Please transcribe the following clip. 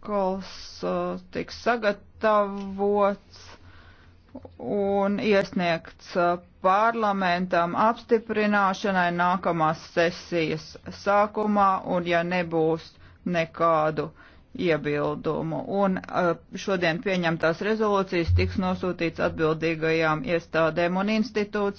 protokols uh, tiks sagatavots un iesniegts uh, parlamentam apstiprināšanai nākamās sesijas sākumā, un ja nebūs nekādu iebildumu. Un uh, šodien pieņemtās rezolūcijas tiks nosūtīts atbildīgajām iestādēm un institūcijām.